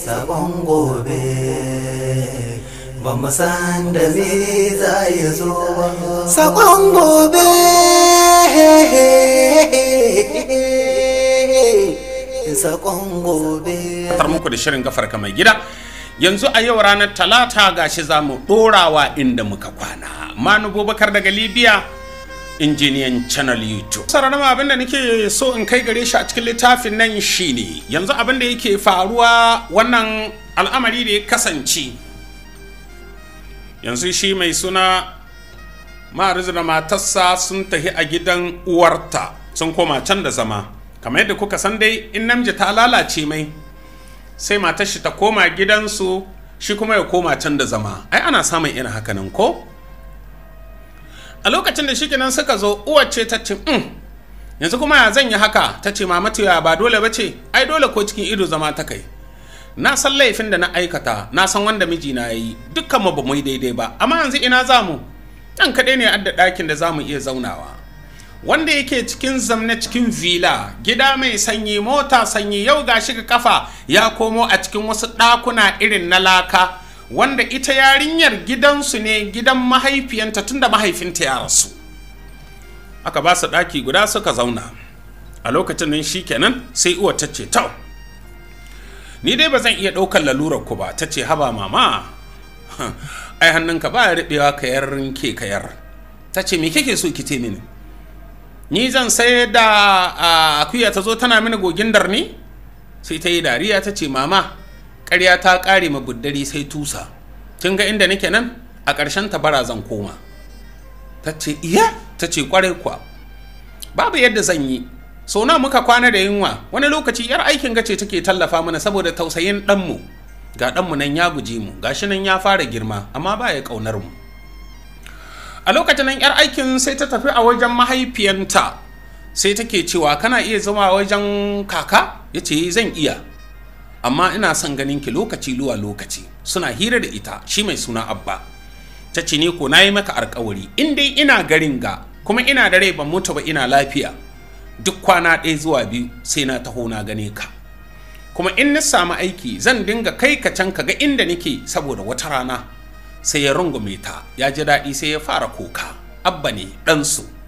sabon gobe ba mu san da me za ya zo ba sabon gobe sabon gobe tar muku da shirin gafarka mai gida yanzu a yau ranar talata gashi za mu ɗorawa inda muka kwana manu bubakar daga libya injiniyan channel youtube sarana abin da nake so in kai gare shi a cikin littafin nan shine yanzu abin da yake faruwa wannan al'amari da ya kasance yanzu shi mai suna ma'arizu da matarsa sun tafi a gidan uwarta sun koma can da zama kamar yadda kuka san dai in namiji ta lalace mai sai matar shi ta koma gidansu shi kuma ya koma can da zama ai ana samun irin hakanan ko a lokacin da shikenan suka zo uwar ce ta ce mm, yanzu kuma ya zan yi haka ta ce mama ya ba dole ba ce ai dole ko cikin ido zama ta kai na san laifin da na aikata na san wanda mijina ya yi dukkan mu ba mu daidai ba amma yanzu ina zamu? mu ɗan kaɗai ne adda dakin da za mu iya zaunawa wanda yake cikin zamne cikin villa gida mai sanyi mota sanyi yau gashi ga kafa ya komo a cikin wasu dakuna irin na laka wanda ita yarinyar gidansu ne gidan mahaifiyanta tunda mahaifinta ya rasu aka ba su ɗaki guda suka zauna a lokacin nan shi kenan sai uwa ta ce tau ni dai ba zan iya ɗaukar lalurar ku ba ta ce haba mama ai hannunka ba riɓewa ka yarrin ke ka yar ta ce me kike so ki ce mini ni zan sai da ah, akuya ta zo tana mini gogin darni sai ta yi dariya ta ce mama ƙarya ta ƙare ma buddari sai tusa kin ga inda nake nan a ƙarshen ta bara zan koma ta ce iya ta ce ƙwarai kuwa babu yadda zan yi sau na muka kwana da yunwa wani lokaci yar aikin gace take tallafa mana saboda tausayin ɗanmu ga ɗanmu nan ya guji mu ga shi nan ya fara girma amma ba ya ƙaunar mu a lokacin nan yar aikin sai ta tafi a wajen mahaifiyanta sai take cewa kana iya zama wajen kaka yace ce eh, zan iya amma ina son ganin ki lokaci zuwa lokaci suna hira da ita shi mai suna abba ta ce ne ko na yi maka alkawari in dai ina garin ga kuma ina da rai ban mutu ba ina lafiya duk kwana ɗaya zuwa biyu sai na taho na gane ka kuma in na samu aiki zan dinga kai ka can ka ga inda nake saboda wata rana sai ya rungume ta ya ji daɗi sai ya fara koka abba ne ɗansu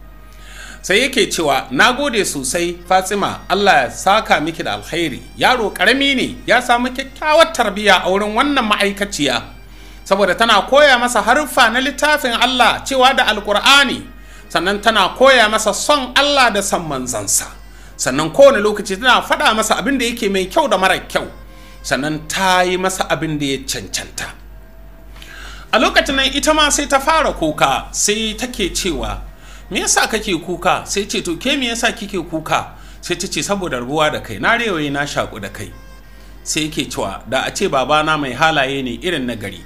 sai yake cewa na gode sosai fatima allah ya saka miki da alkhairi yaro karami ne ya samu kyakkyawar tarbiyya a wurin wannan ma'aikaciya saboda tana koya masa haruffa na littafin allah cewa da alkur'ani sannan tana koya masa son allah da son manzansa sannan kowane lokaci tana faɗa masa abin da yake mai kyau da mara kyau sannan ta yi masa abin da ya cancanta a lokacin nan ita ma sai ta fara kuka sai take cewa me yasa kake kuka sai ce to ke me yasa kike kuka sai ta ce saboda ruwa da kai na rewaye na shaku da kai sai yake cewa da a ce babana mai halaye ne irin na gari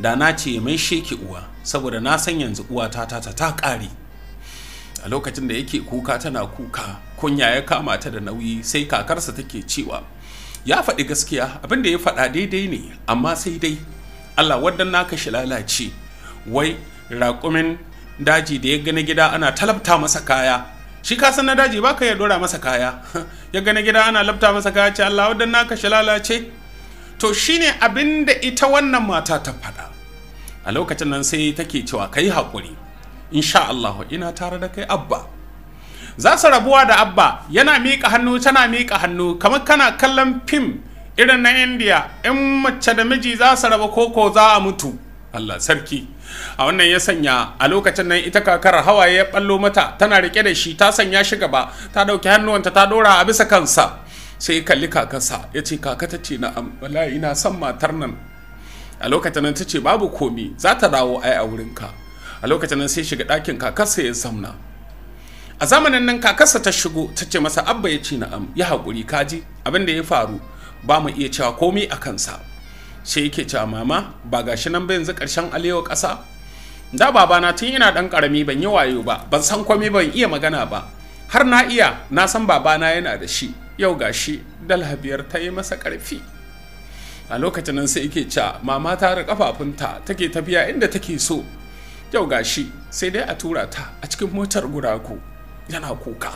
da na ce mai sheki uwa saboda na san yanzu uwa ta ta ta kare a lokacin da yake kuka tana kuka kunya ya kama ta da nauyi sai kakarsa take cewa ya faɗi gaskiya abin da ya faɗa daidai ne amma sai dai Allah wadda naka shi lalace wai raƙumin daji da ya gani gida ana talabta masa kaya shi ka san na daji ba ka ya dora masa kaya ya gani gida ana labta masa kaya ce Allah wadda naka shi lalace. to shine abin da ita wannan mata ta faɗa a lokacin nan sai take cewa kai haƙuri insha Allah ina tare da kai abba za su rabuwa da abba yana miƙa hannu tana miƙa hannu kamar kana kallon fim irin na indiya in mace da miji za su raba koko za a mutu Allah sarki a wannan ya sanya a lokacin nan ita kakar hawaye ya ballo mata tana rike da shi ta sanya shi gaba ta dauki hannuwanta ta dora a bisa kansa sai ya kalli kakarsa ya ce kaka ta ce na wallahi ina son matar nan a lokacin nan ta ce babu komi za ta dawo ai a wurin ka. a lokacin nan sai shiga ɗakin kakarsa ya samna. a zamanin nan kakarsa ta shigo ta ce masa abba ya ce na'am ya haƙuri kaji abin da ya faru ba mu iya cewa komi a kansa sai yake cewa mama ba gashi nan ba yanzu ƙarshen alewa ƙasa da babana tun ina ɗan ƙarami ban yi wayo ba ban san komai ban iya magana ba har na iya na san babana yana da shi yau gashi dala biyar ta yi masa ƙarfi a lokacin nan sai yake cewa mama ta riƙa kafafunta take tafiya inda take so yau gashi sai dai a tura ta a cikin motar guragu yana kuka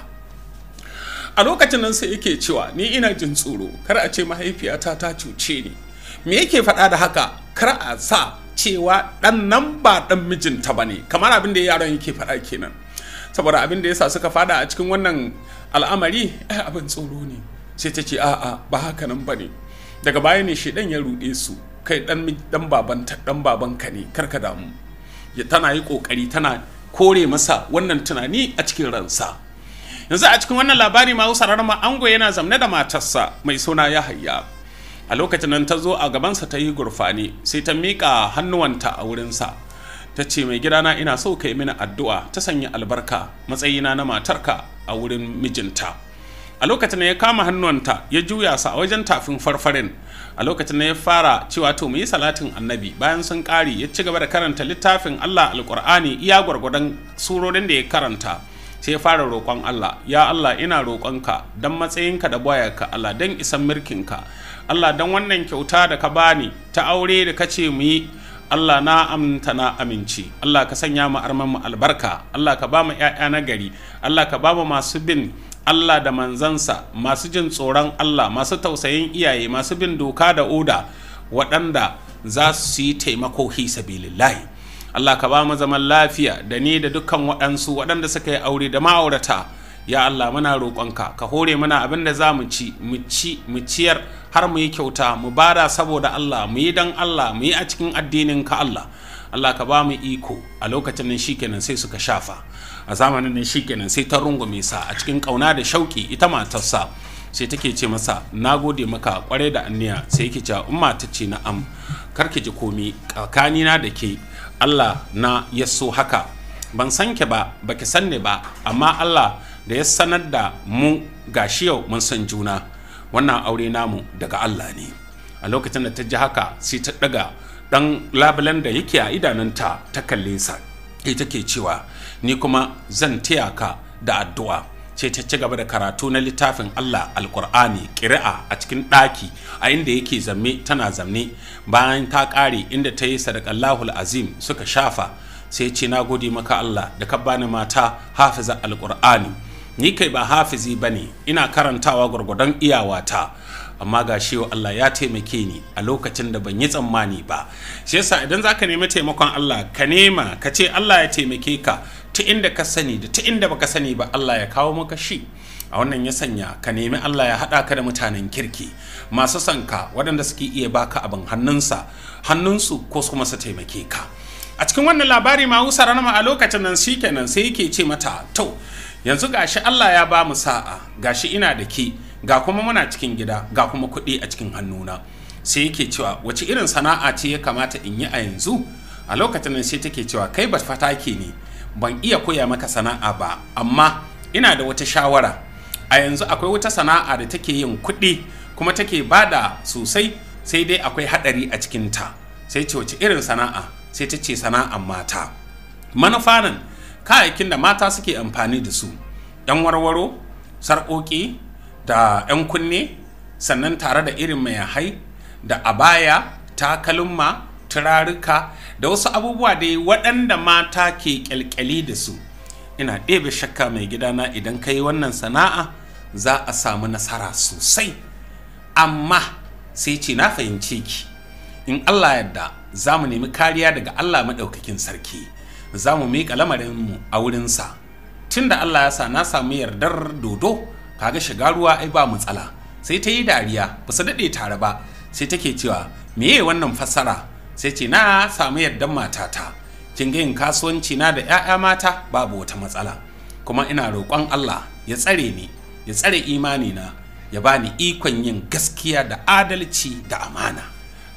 a lokacin nan sai yake cewa ni ina jin tsoro kar a ce mahaifiyata ta cuce ni me yake faɗa da haka kar a sa cewa ɗan nan ba ɗan mijinta ba ne kamar abin da yaron yake faɗa kenan saboda abin da yasa suka fada a cikin wannan al'amari ai eh, abin tsoro ne sai ta ce a'a ba haka nan ba ne daga baya ne shi ɗan ya ruɗe su kai ɗan dan baban baban babanka ne ka damu tana yi kokari tana kore masa wannan tunani a cikin ransa yanzu a cikin wannan labari ma sararama ango yana zamne da matarsa mai suna yahaya a lokacin nan ta zo a gabansa ta yi gurfani sai ta miƙa hannuwanta a wurinsa ta ce mai gidana ina so ka yi mini addu'a ta sanya albarka matsayina na matarka a wurin mijinta a lokacin ya kama hannuwanta ya juya sa a wajen tafin farfarin a lokacin ya fara cewa to mu yi salatin annabi bayan sun ƙari ya ci gaba da karanta littafin Allah alƙur'ani iya gwargwadon surorin da ya karanta sai ya fara roƙon Allah ya Allah ina roƙonka don matsayinka da boyarka Allah don isan mirkinka Allah don wannan kyauta da ka bani ta aure da ka ce mu yi Allah na amta na aminci Allah ka sanya mu arman mu albarka Allah ka ba mu ƴaƴa na gari Allah ka ba mu masu bin Allah da manzansa masu jin tsoron Allah masu tausayin iyaye masu bin doka da oda waɗanda za su yi taimako hi sabilillahi Allah ka ba mu zaman lafiya da ni da dukkan waɗansu waɗanda suka yi aure da ma'aurata ya Allah muna roƙonka ka hore mana abin da za mu ci mu ciyar har mu yi kyauta mu bada saboda Allah mu yi dan Allah mu yi a cikin addinin ka Allah Allah ka ba mu iko a lokacin nan shikenan sai suka shafa a zamanin nan shikenan sai ta rungume sa a cikin kauna da shauki ita matarsa sai take ce masa na gode maka kware da anniya sai yake cewa umma ta ce na'am ki ji komi na da ke Allah na yaso haka ban san ba baki san ba amma Allah da ya sanar da mu gashi yau mun san juna wannan aure namu daga Allah ne a lokacin da ta ji haka sai ta daga dan labulen da yake a idanunta ta kalle sa ita take cewa ni kuma zan taya ka da addu'a ce ta ci gaba da karatu na littafin Allah alkur'ani ƙiri'a a cikin ɗaki a inda yake zamme tana zamne bayan ta ƙare inda ta yi sadakallahul azim suka shafa sai ce na gode maka Allah da ka bani mata hafiza alkur'ani ni kai ba hafizi ba ne ina karantawa gwargwadon iyawata amma ga shi Allah ya taimake ni a lokacin da ban yi tsammani ba shi yasa idan za ka nemi taimakon Allah ka nema ka ce Allah ya taimake ka ta inda ka sani da ta inda baka sani ba Allah ya kawo maka shi a wannan ya sanya ka nemi Allah ya haɗa ka da mutanen kirki masu sanka waɗanda suke iya baka abin hannunsa hannunsu ko kuma su taimake ka a cikin wannan labari ma wusa ranar a lokacin nan shi kenan sai yake ce mata to yanzu gashi Allah ya ba mu sa'a gashi ina da ke ga kuma muna cikin gida ga kuma kuɗi a cikin hannuna sai yake cewa wace irin sana'a ce ya kamata in yi a yanzu a lokacin nan sai take cewa kai ba fatake ne ban iya koya maka sana'a ba amma ina da wata shawara a yanzu akwai wata sana'a da take yin kuɗi kuma take bada sosai sai dai akwai haɗari a cikinta sai ce wace irin sana'a sai ta ce sana'an mata manufa kayayyakin da mata suke amfani da su yan warwaro sarƙoƙi da yan kunne sannan tare da irin mai hai da abaya takalma turaruka da wasu abubuwa da yi waɗanda mata ke ƙyalƙyali da su ina ɗebe shakka mai gidana idan ka yi wannan sana'a za a samu nasara sosai amma sai ce na fahimce ki in allah yadda za mu nemi kariya daga allah maɗaukakin sarki za mu miƙa lamarinmu a wurinsa tun da Allah ya sa na samu yardar dodo kaga shiga ruwa ai ba tsala. sai ta yi dariya ba su daɗe tare ba sai take cewa meye wannan fassara sai ce na samu yardar matata kin ga yin kasuwanci na da 'ya'ya mata babu wata matsala kuma ina roƙon Allah ya tsare ni ya tsare imani na ya bani ikon yin gaskiya da adalci da amana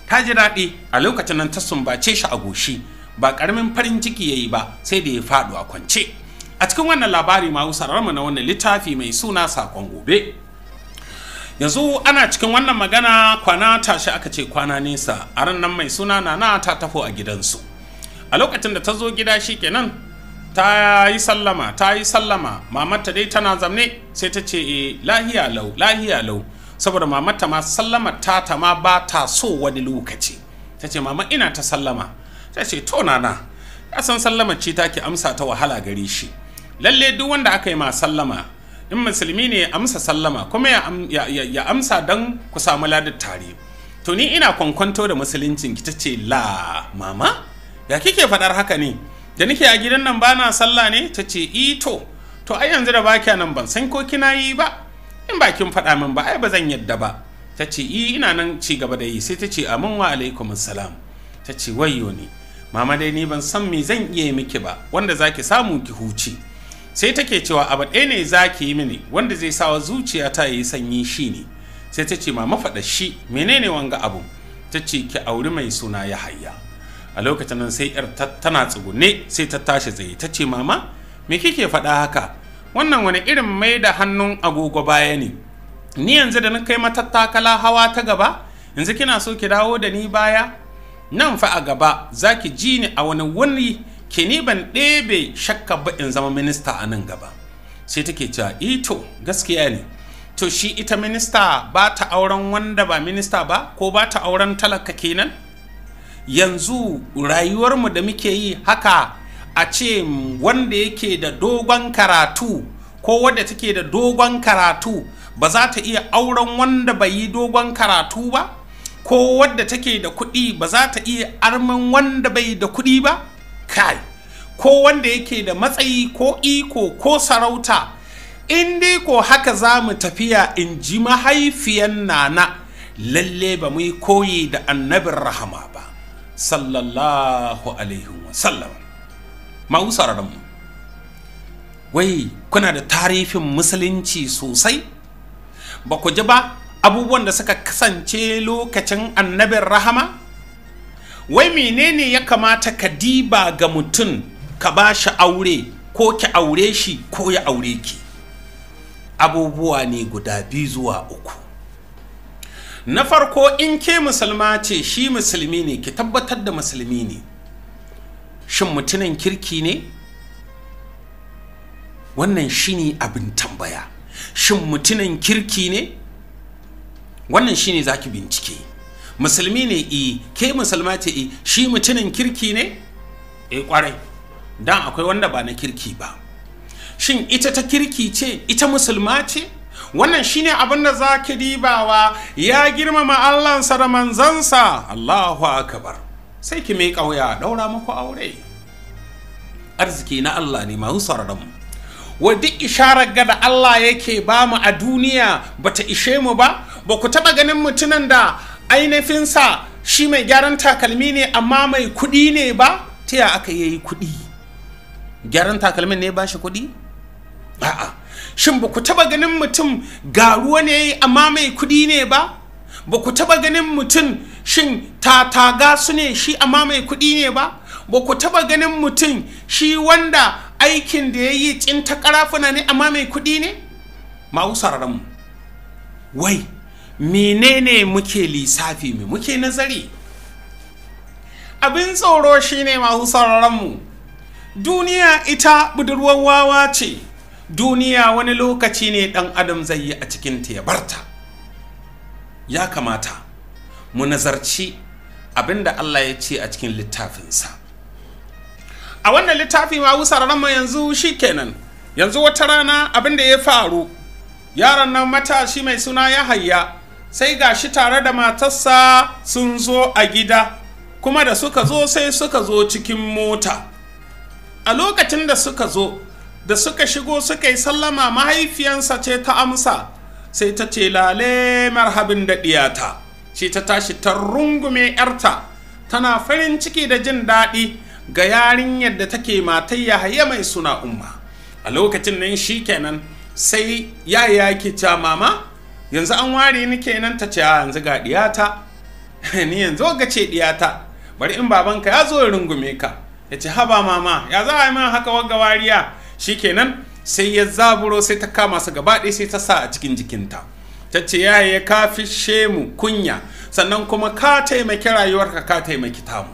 ta ji daɗi a lokacin nan ta sumbace shi a goshi ba karamin farin ciki yayi ba sai da ya faɗo a kwance a cikin wannan labari ma sararmu na wannan littafi mai suna sakon gobe yanzu ana cikin wannan magana kwana tashi aka ce kwana nesa a ran nan mai suna nana ta tafo a gidansu a lokacin da ta zo gida shi kenan ta yi sallama ta yi sallama mamata dai tana zamne sai ta ce e lahiya lau lahiya lau saboda mamata ma sallama ta ta ma ba ta so wani lokaci ta ce mama ina ta sallama ta ce to nana ya san sallama ce take amsa ta wahala gare shi lalle duk wanda aka yi ma sallama in musulmi ne amsa sallama kuma ya, amsa don ku samu ladar tare to ni ina kwankwanto da musuluncin ki ta ce la mama ya kike faɗar haka ne da nake a gidan nan ba na sallah ne ta ce ito e, to ai yanzu da baki nan ban san ko kina yi ba in bakin faɗa min ba ai ba zan yadda ba ta ce i e, ina nan ci gaba da yi sai ta ce amin wa alaikum salam ta ce wayo ne mama dai ni ban san me zan iya miki ba wanda zaki samu ki huce sai take cewa abu ɗaya ne zaki yi mini wanda zai sawa zuciya ta yi sanyi shi ne sai ta ce mama faɗa shi menene wanga abu ta ce ki auri mai suna ya hayya a lokacin nan sai yar tana tsugune sai ta tashi tsaye ta ce mama me kike faɗa haka wannan wani irin mai da hannun agogo baya ne ni yanzu da na kai matattakala hawa ta gaba yanzu kina so ki dawo da ni baya nan fa a gaba za ki ji ni a wani wani ke ni ban ɗebe shakka ba in zama minista a nan gaba sai take cewa ito eh gaskiya ne to shi ita minista ba ta auren wanda ba minista ba ko ba ta auren talaka kenan yanzu rayuwarmu da muke yi haka a ce wanda yake da dogon karatu ko wadda take da dogon karatu ba za ta iya auren wanda bai yi dogon karatu ba ko wadda take da kuɗi ba za ta iya arman wanda bai da kuɗi ba kai ko wanda yake da matsayi ko iko ko sarauta in dai ko haka za mu tafiya in ji mahaifiyan nana lalle ba mu yi koyi da annabin rahama ba sallallahu alaihi wasallam ma'u sararinmu wai kuna da tarifin musulunci sosai ba ku ji ba abubuwan da suka kasance lokacin annabin rahama wai menene ya kamata ka diba ga mutum ka ba shi aure ko ki aure shi ko ya aure ki abubuwa ne guda biyu zuwa uku na farko in ke musulma ce shi musulmi ne ki tabbatar da musulmi ne shin mutumin kirki ne wannan shi ne abin tambaya shin mutumin kirki ne wannan shine zaki bincike musulmi ne i ke musulma ce i shi mutumin kirki ne eh kwarai dan akwai wanda ba na kirki ba shin ita ta kirki ce ita musulma ce wannan shine abin da za ki dibawa ya girmama sa da manzansa Allahu akbar sai ki mai kauya daura maku aure arziki na Allah ne masu sararin wa duk isharar da Allah yake ba mu a duniya ba ta ishe mu ba ba ku taɓa ganin mutumin da ainihinsa shi mai gyaran takalmi ne amma mai kuɗi ne ba ta ya aka yi kuɗi gyaran takalmin ne ba shi kuɗi a'a shin ba ku taɓa ganin mutum garuwa ne amma mai kuɗi ne ba ba ku taɓa ganin mutum shin tataga su ne shi amma mai kuɗi ne ba ba ku taɓa ganin mutum shi wanda aikin da ya yi tsinta karafuna ne amma mai kuɗi ne ma'u mu wai menene muke lissafi mai muke nazari abin tsoro shine masu mu duniya ita budurwar wawa ce duniya wani lokaci ne ɗan adam zai yi a cikin ya barta ya kamata mu nazarci abin da allah ya ce a cikin littafinsa a wannan littafi ma wusar rama yanzu shi kenan, yanzu wata rana abin da ya faru yaron nan matashi mai suna ya hayya sai ga shi tare da matarsa sun zo a gida kuma da suka zo sai suka zo cikin mota a lokacin da suka zo da suka shigo suka yi sallama mahaifiyansa ce ta amsa sai ta ce lale marhabin da ɗiyata shi ta tashi ta rungume 'yarta tana farin ciki da jin daɗi ga yarinyar da take matai yahaya mai suna umma a lokacin nan shi kenan sai ya ke cewa mama yanzu an ware ni kenan ta ce yanzu ga diyata ni yanzu ga ce diyata bari in babanka ya zo rungume ka ya ce haba mama ya za a yi min haka wagga wariya Shi kenan sai ya zaburo sai ta kama su gaba ɗaya sai ta sa a cikin jikinta ta ce ya ya ka fishe mu kunya sannan kuma ka taimaki rayuwarka ka taimaki tamu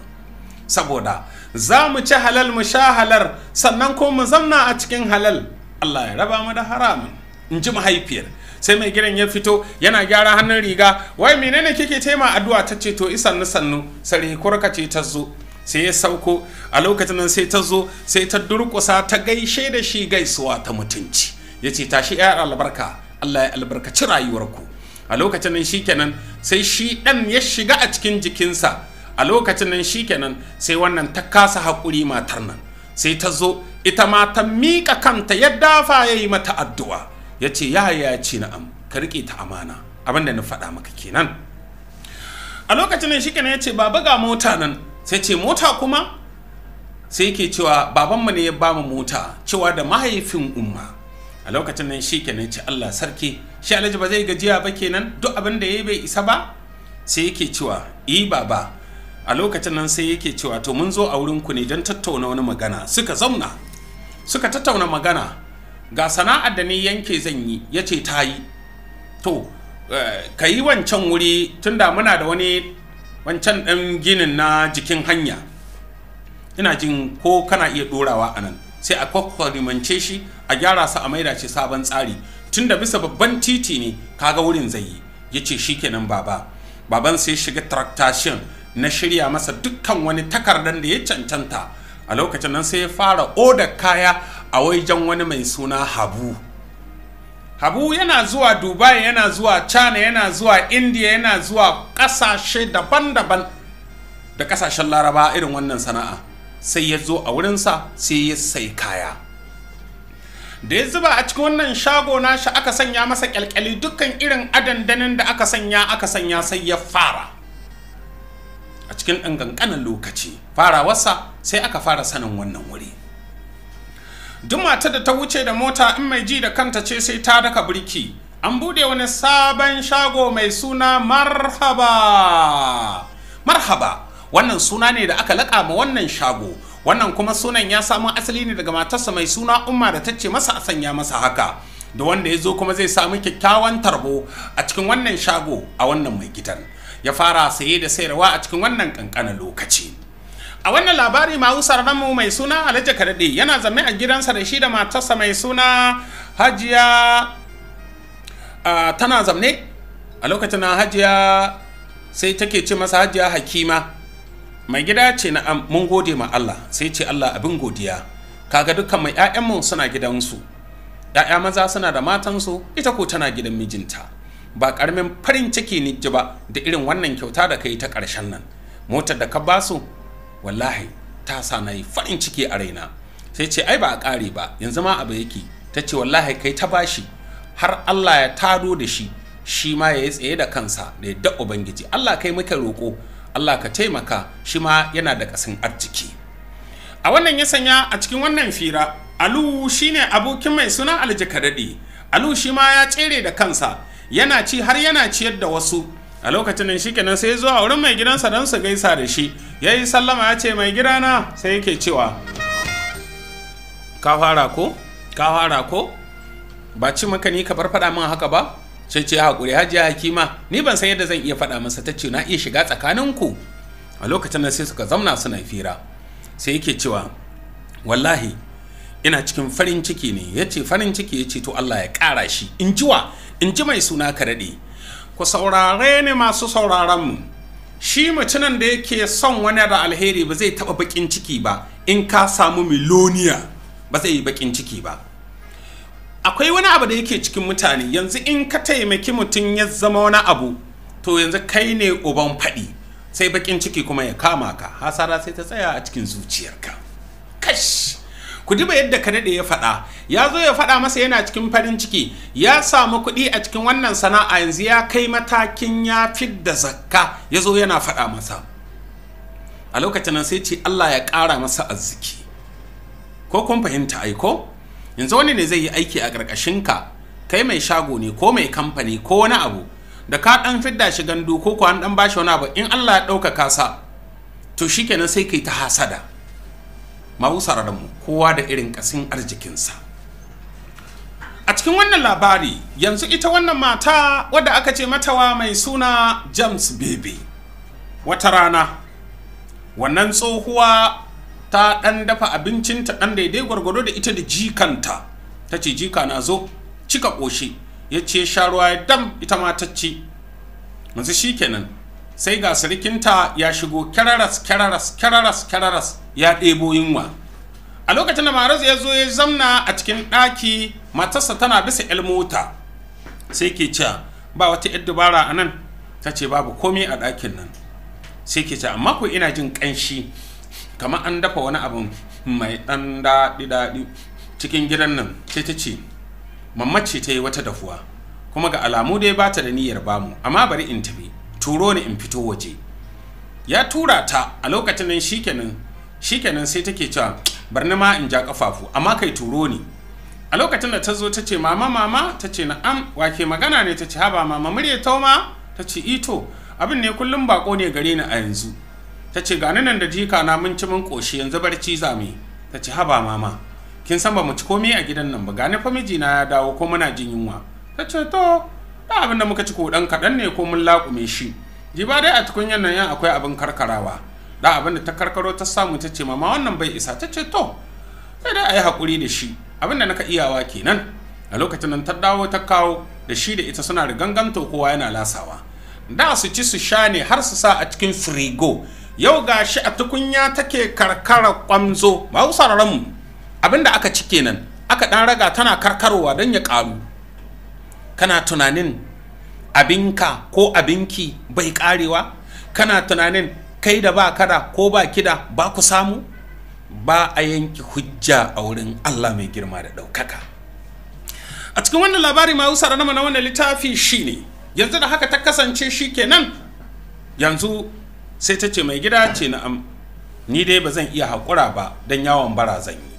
saboda za mu ci halal mu sha halar sannan ko mu zamna a cikin halal Allah ya raba mu da haramun in ji mahaifiyar sai mai gidan ya fito yana gyara hannun riga wai menene kike tema addu'a ta ce to isan na sannu sarhi kurka ce ta zo sai ya sauko a lokacin nan sai ta zo sai ta durƙusa ta gaishe da shi gaisuwa ta mutunci ya ce tashi ya albarka Allah ya albarkaci rayuwarku a lokacin nan shikenan sai shi ɗan ya shiga a cikin jikinsa a lokacin nan shikenan sai wannan ta kasa haƙuri matar nan sai ta zo ita ma ta miƙa kanta yadda fa ya yi mata addu'a ya ce ya ya ce na'am ka riƙe ta amana abinda na faɗa maka kenan a lokacin nan shikenan ya ce baba ga mota nan sai ce mota kuma sai ke cewa babanmu ne ya ba mu mota cewa da mahaifin umma a lokacin nan shi kenan ce Allah sarki shi alhaji ba zai gajiya ba kenan duk abin da ya bai isa ba sai yake cewa i eh, baba a lokacin nan sai yake cewa to mun zo a wurin ku ne don tattauna wani magana suka zauna suka tattauna magana ga sana'ar da ni yanke zan yi ya ce ta yi to eh, ka yi wancan wuri tun da muna da wani wancan ɗan ginin na jikin hanya ina jin ko kana iya ɗorawa a nan sai a kwakwarimance shi a gyara su a maida shi sabon tsari tun da bisa babban titi ne kaga wurin zai yi ya ce shi kenan baba baban sai shiga tractation na shirya masa dukkan wani takardar da ya cancanta a lokacin nan sai ya fara oda kaya a wajen wani mai suna habu habu yana zuwa dubai yana zuwa china yana zuwa india yana zuwa kasashe daban-daban da kasashen laraba irin wannan sana'a sai ya zo a wurinsa sai ya sai kaya da ya zuba a cikin wannan shago nashi aka sanya masa kyalkyali dukkan irin adandanin da aka sanya aka sanya sai ya fara a cikin ɗan ƙanƙanin lokaci farawarsa sai aka fara sanin wannan wuri duk matar da ta wuce da mota in mai ji da kanta ce sai ta daka birki an buɗe wani sabon shago mai suna marhaba marhaba wannan suna ne da aka laƙa ma wannan shago wannan kuma sunan ya samu asali ne daga matarsa mai suna umma da ta ce masa a sanya masa haka da wanda ya zo kuma zai samu kyakkyawan tarbo a cikin wannan shago a wannan mai gidan ya fara saye da sayarwa a cikin wannan kankanin lokaci a wannan labari ma'usar mu mai suna alhaji karɗe yana zame a gidansa da shi da matarsa mai suna hajiya tana zamne a lokacin na hajiya sai take ce masa hajiya hakima mai gida ce na mun gode ma Allah sai ce Allah abin godiya kaga dukkan mai mu suna gidansu 'ya'ya maza suna da matansu ita ko tana gidan mijinta ba karamin farin ciki ne ji ba da irin wannan kyauta da kai ta ƙarshen nan motar da ka ba su? wallahi ta sa na yi farin ciki a raina sai ce ai ba a ƙare ba yanzu ma abu yake ta ce wallahi kai ta bashi har Allah ya tado da shi shi ma ya yi tsaye da kansa da yadda ubangiji Allah kai muke roƙo Allah ka taimaka shi ma yana da ƙasan arziki a wannan ya sanya a cikin wannan fira alu shine abokin mai suna aljakadadi alu shi ma ya tsere da kansa yana ci har yana ciyar da wasu a lokacin nan shikenan sai zuwa wurin mai gidansa don su gaisa da shi ya yi sallama ya ce mai gidana sai yake cewa ka fara ko ka fara ko ba ci maka ni ka bar faɗa min haka ba sai ce hakuri hajiya hakima ni ban san yadda zan iya faɗa masa ta ce na iya shiga tsakaninku a lokacin nan sai suka zamna suna fira sai yake cewa wallahi ina cikin farin ciki ne ya farin ciki ya ce to Allah ya kara shi in jiwa in ji mai suna ka karaɗe ku saurare ni masu sauraronmu shi mutumin da yake son wani da alheri ba zai taɓa baƙin ciki ba in ka samu miloniya ba zai yi baƙin ciki ba akwai wani abu da yake cikin mutane yanzu in ka taimaki mutum ya zama wani abu to yanzu kai ne uban faɗi sai baƙin ciki kuma ya kama ka hasara sai ta tsaya a cikin zuciyarka kash ku duba yadda daɗe ya faɗa ya zo ya faɗa masa yana cikin farin ciki ya samu kuɗi a cikin wannan sana'a yanzu ya kai matakin ya fidda zakka ya zo yana faɗa masa a lokacin nan sai ce Allah ya ƙara masa arziki ko kun fahimta aiko yanzu wani ne zai yi aiki a ƙarƙashin ka? kai mai shago ne ko mai kamfani ko wani abu da ka ɗan fidda shi gandu ko ko an ɗan bashi wani abu in Allah ya ɗaukaka sa to shikenan sai kai ta hasada da mu kowa da irin kasin arzikinsa a cikin wannan labari yanzu ita wannan mata wadda aka ce matawa mai suna james bebe wata rana wannan tsohuwa ta ɗan dafa abincinta ɗan daidai gwargwado da ita da jikanta ta ce jika na zo cika ƙoshi ya ce sha ruwa ya dam ita ma ta yanzu shi kenan sai ga sarkinta ya shigo kyararas kyararas kyararas kararas ya ɗebo yunwa a lokacin da maras ya zo ya zamna a cikin ɗaki matarsa tana bisa el mota sai ke cewa ba wata yar dubara a nan ta ce babu komai a ɗakin nan sai ke cewa amma ko ina jin ƙanshi kamar an dafa wani abu mai ɗan daɗi daɗi cikin gidan nan sai ta ce mammace ta yi wata dafuwa kuma ga alamu dai ba ta da niyyar bamu amma bari in tafi turo ni in fito waje ya tura ta a lokacin nan shikenan shikenan sai take cewa barni ma in ja kafafu amma kai turo ni a lokacin da ta zo ta ce mama mama ta ce na, na'am wake magana ne ta ce haba mama murya ma! ta ce ito eh abin ne kullum bako ne gare ni a yanzu ta ce gani nan da jika na mun ci mun koshi yanzu barci zame ta ce haba mama kin san ba mu ci komai a gidan nan ba gani fa mijina ya dawo ko muna jin yunwa ta ce to da abin da muka ci ko dan kaɗan ne ko mun laƙume shi ji ba dai a tukunyar nan yan akwai abin karkarawa da abin da ta karkaro ta samu ta ce mama wannan bai isa ta ce to sai dai a yi hakuri da shi abin da naka iyawa kenan a lokacin nan ta dawo ta kawo da shi da ita suna riganganto kowa yana lasawa da su ci su sha ne har su sa a cikin firigo yau ga shi a tukunya take karkara kwamzo ba mu abin da aka ci kenan aka ɗan raga tana karkarowa don ya karu. kana tunanin abinka ko abinki bai karewa kana tunanin kai da ba kada ko ba kida ba ku samu ba a yanki hujja a wurin Allah mai girma da ɗaukaka a cikin wannan labari ma usara na wannan littafi ne yanzu da haka ta kasance shi kenan yanzu sai ta ce mai gida ce na na'am ni dai ba zan iya hakura ba don yawon bara zan yi